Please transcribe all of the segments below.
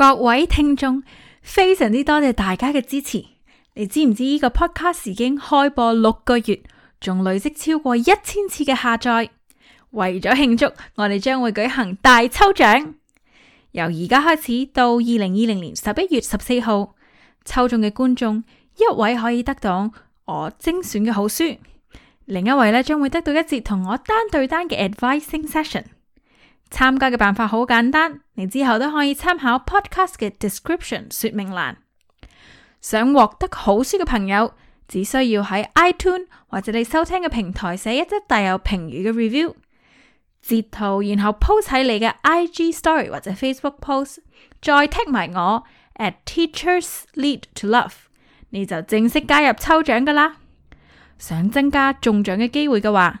各位聽眾，非常之多謝大家嘅支持。你知唔知呢個 podcast 已經開播六個月，仲累積超過一千次嘅下載？為咗慶祝，我哋將會舉行大抽獎。由而家開始到二零二零年十一月十四號，抽中嘅觀眾一位可以得到我精選嘅好書，另一位咧將會得到一節同我單對單嘅 advising session。參加嘅辦法好簡單，你之後都可以參考 podcast 嘅 description 說明欄。想獲得好書嘅朋友，只需要喺 iTunes 或者你收聽嘅平台寫一則帶有評語嘅 review 截圖，然後 post 喺你嘅 IG story 或者 Facebook post，再踢埋我 at teachers lead to love，你就正式加入抽獎㗎喇。想增加中獎嘅機會嘅話，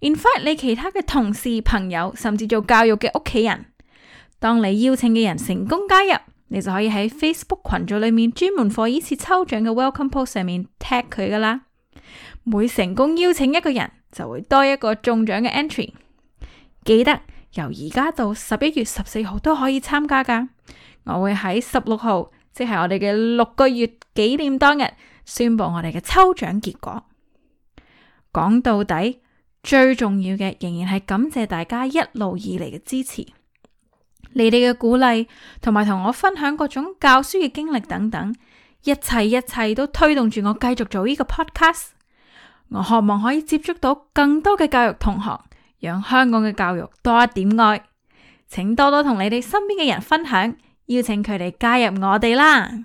In fact，你其他嘅同事、朋友，甚至做教育嘅屋企人，當你邀請嘅人成功加入，你就可以喺 Facebook 群組裏面專門放呢次抽獎嘅 Welcome Post 上面 tag 佢噶啦。每成功邀請一個人，就會多一個中獎嘅 entry。記得由而家到十一月十四號都可以參加噶。我會喺十六號，即係我哋嘅六個月紀念當日，宣布我哋嘅抽獎結果。講到底。最重要嘅仍然係感謝大家一路以嚟嘅支持，你哋嘅鼓勵同埋同我分享各種教書嘅經歷等等，一切一切都推動住我繼續做呢個 podcast。我渴望可以接觸到更多嘅教育同學，讓香港嘅教育多一點愛，請多多同你哋身邊嘅人分享，邀請佢哋加入我哋啦。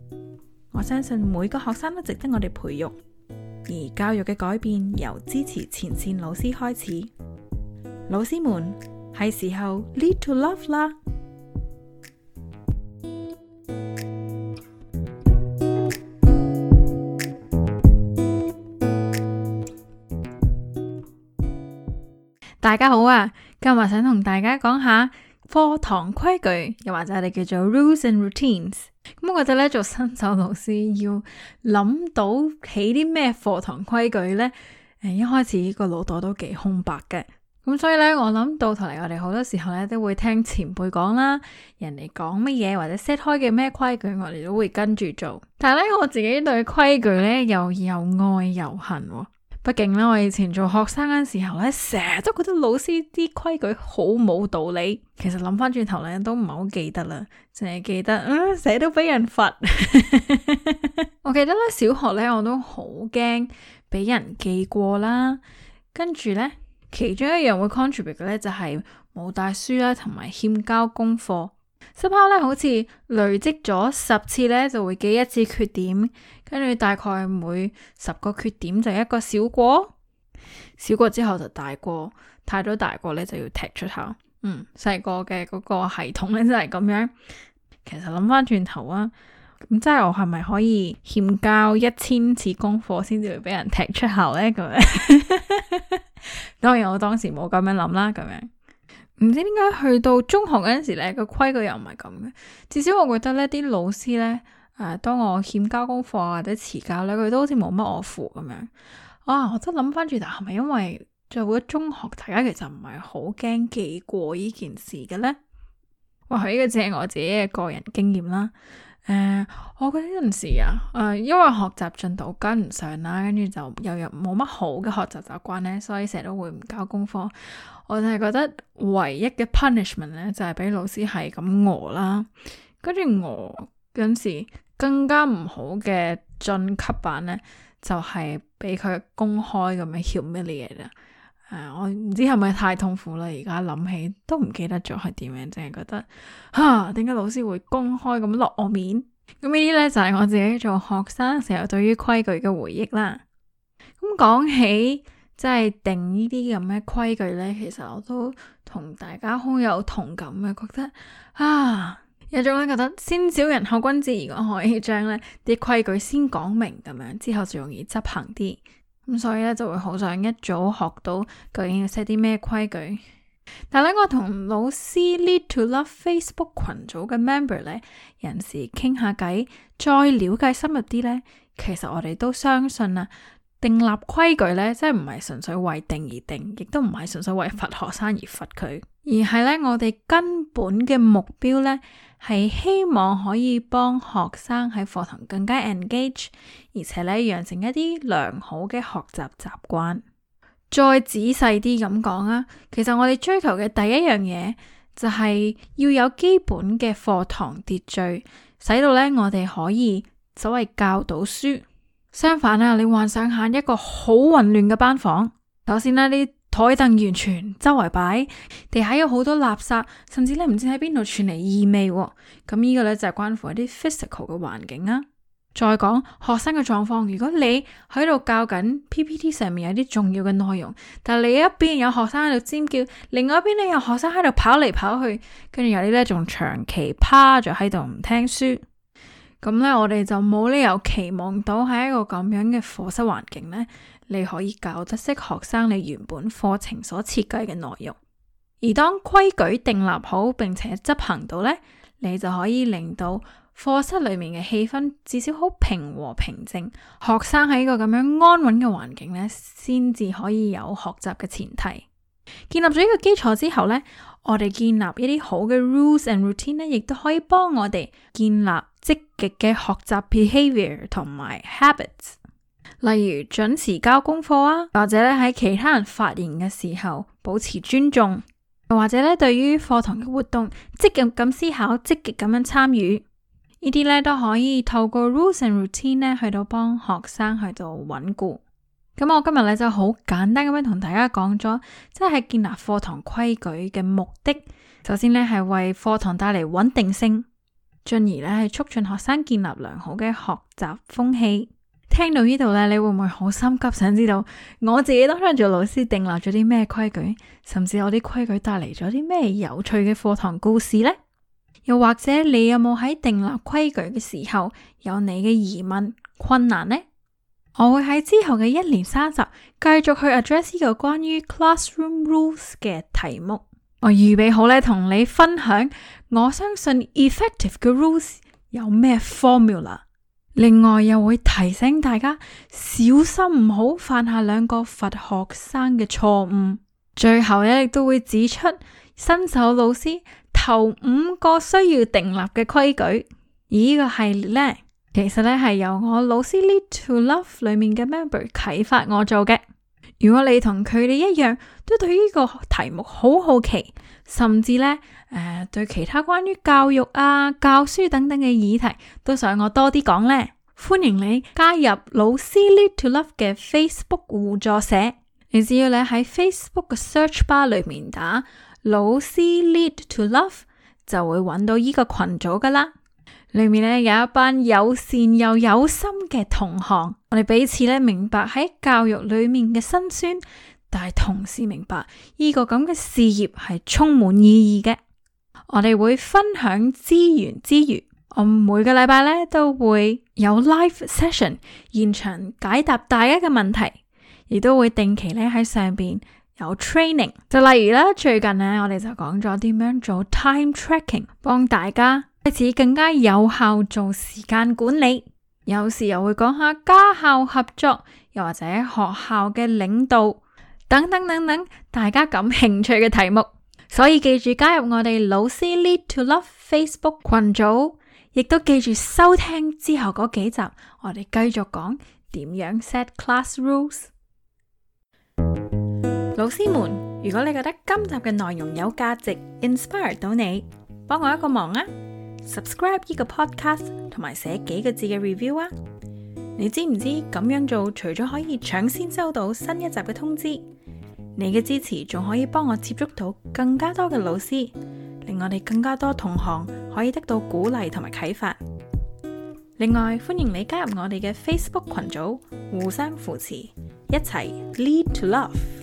我相信每個學生都值得我哋培育，而教育嘅改變由支持前線老師開始。老師們，係時候 Lead To Love 啦！大家好啊，今日想同大家講下。課堂規矩，又或者我哋叫做 rules and routines，咁我哋咧做新手老師要諗到起啲咩課堂規矩呢？誒，一開始個腦袋都幾空白嘅，咁所以呢，我諗到頭嚟，我哋好多時候呢都會聽前輩講啦，人哋講乜嘢或者 set 開嘅咩規矩，我哋都會跟住做。但係呢，我自己對規矩呢，又又愛又恨喎。畢竟咧，我以前做學生嗰時候咧，成日都覺得老師啲規矩好冇道理。其實諗翻轉頭呢都唔係好記得啦，淨係記得，嗯，成日都畀人罰。 我記得呢小學呢，我都好驚俾人記過啦。跟住呢，其中一樣會 contribute 嘅呢，就係冇帶書啦，同埋欠交功課。十敲咧，好似累積咗十次咧，就會記一次缺點，跟住大概每十個缺點就一個小過，小過之後就大過，太多大過咧就要踢出校。嗯，細個嘅嗰個系統咧就係咁樣。其實諗翻轉頭啊，咁即係我係咪可以欠交一千次功課先至會俾人踢出校咧？咁樣，當然我當時冇咁樣諗啦，咁樣。唔知點解去到中學嗰陣時咧，個規矩又唔係咁嘅。至少我覺得呢啲老師呢，誒、呃，當我欠交功課或者遲交呢，佢都好似冇乜我負咁樣。啊，我都諗翻住，但係咪因為在咗中學，大家其實唔係好驚記過呢件事嘅咧？哇，呢個淨係我自己嘅個人經驗啦。誒，uh, 我嗰陣時啊，誒、uh,，因為學習進度跟唔上啦，跟住就又有冇乜好嘅學習習慣咧，所以成日都會唔交功課。我就係覺得唯一嘅 punishment 咧，就係、是、俾老師係咁餓啦，跟住餓嗰陣時更加唔好嘅進級版咧，就係俾佢公開咁樣 humiliate 啦。嗯、我唔知係咪太痛苦啦，而家諗起都唔記得咗係點樣，淨係覺得吓，點、啊、解老師會公開咁落我面？咁呢啲呢，就係、是、我自己做學生時候對於規矩嘅回憶啦。咁講起即係、就是、定呢啲咁嘅規矩呢，其實我都同大家好有同感嘅，覺得啊，有種咧覺得先小人後君子，如果可以將呢啲規矩先講明咁樣，之後就容易執行啲。咁所以咧，就會好想一早學到究竟要寫啲咩規矩。但係我同老師 Lead to Love Facebook 群組嘅 member 咧，有陣時傾下偈，再了解深入啲呢。其實我哋都相信啊，訂立規矩呢，即係唔係純粹為定而定，亦都唔係純粹為罰學生而罰佢，而係呢，我哋根本嘅目標呢。係希望可以幫學生喺課堂更加 engage，而且咧養成一啲良好嘅學習習慣。再仔細啲咁講啊，其實我哋追求嘅第一樣嘢就係、是、要有基本嘅課堂秩序，使到咧我哋可以所謂教到書。相反啊，你幻想一下一個好混亂嘅班房。首先咧、啊，呢。台凳完全周圍擺，地下有好多垃圾，甚至咧唔知喺邊度傳嚟異味、哦。咁呢個咧就係、關乎一啲 physical 嘅環境啊。再講學生嘅狀況，如果你喺度教緊 PPT 上面有啲重要嘅內容，但係你一邊有學生喺度尖叫，另外一邊你有學生喺度跑嚟跑去，跟住有啲咧仲長期趴咗喺度唔聽書。咁咧，我哋就冇理由期望到喺一個咁樣嘅課室環境呢，你可以教得識學生你原本課程所設計嘅內容。而當規矩定立好並且執行到呢，你就可以令到課室裏面嘅氣氛至少好平和平靜。學生喺一個咁樣安穩嘅環境呢，先至可以有學習嘅前提。建立咗呢個基礎之後呢，我哋建立一啲好嘅 rules and routine 呢，亦都可以幫我哋建立。積極嘅學習 behavior 同埋 habits，例如準時交功課啊，或者咧喺其他人發言嘅時候保持尊重，或者咧對於課堂嘅活動積極咁思考、積極咁樣參與，呢啲咧都可以透過 rules and routine 咧去到幫學生去到穩固。咁我今日咧就好簡單咁樣同大家講咗，即係建立課堂規矩嘅目的，首先咧係為課堂帶嚟穩定性。進而咧係促進學生建立良好嘅學習風氣。聽到呢度咧，你會唔會好心急想知道我自己都想做老師訂立咗啲咩規矩，甚至我啲規矩帶嚟咗啲咩有趣嘅課堂故事呢？又或者你有冇喺訂立規矩嘅時候有你嘅疑問困難呢？我會喺之後嘅一年三集繼續去 address 呢個關於 classroom rules 嘅題目。我預備好咧，同你分享。我相信 effective 嘅 rules 有咩 formula。另外又會提醒大家小心唔好犯下兩個佛學生嘅錯誤。最後咧亦都會指出新手老師頭五個需要訂立嘅規矩。而呢個系列咧，其實咧係由我老師 Lead to Love 裏面嘅 member 啟發我做嘅。如果你同佢哋一樣，都對呢個題目好好奇，甚至呢誒、呃，對其他關於教育啊、教書等等嘅議題都想我多啲講呢。歡迎你加入老師 Lead to Love 嘅 Facebook 互助社。你只要你喺 Facebook 嘅 Search Bar 裏面打老師 Lead to Love，就會揾到呢個群組噶啦。裏面咧有一班友善又有心嘅同行，我哋彼此咧明白喺教育裏面嘅辛酸，但係同時明白呢個咁嘅事業係充滿意義嘅。我哋會分享資源之餘，我每個禮拜咧都會有 live session 現場解答大家嘅問題，亦都會定期咧喺上邊有 training。就例如咧最近咧我哋就講咗點樣做 time tracking，幫大家。開始更加有效做時間管理， 有時又會講下家校合作，又或者學校嘅領導等等等等，大家感興趣嘅題目。所以記住加入我哋老師 Lead to Love Facebook 群組，亦都記住收聽之後嗰幾集，我哋繼續講點樣 set class rules。 老師們，如果你覺得今集嘅內容有價值，inspire 到你，幫我一個忙啊！Subscribe 呢個 podcast 同埋寫幾個字嘅 review 啊！你知唔知咁樣做除咗可以搶先收到新一集嘅通知，你嘅支持仲可以幫我接觸到更加多嘅老師，令我哋更加多同行可以得到鼓勵同埋啟發。另外，歡迎你加入我哋嘅 Facebook 群組，互相扶持，一齊 lead to love。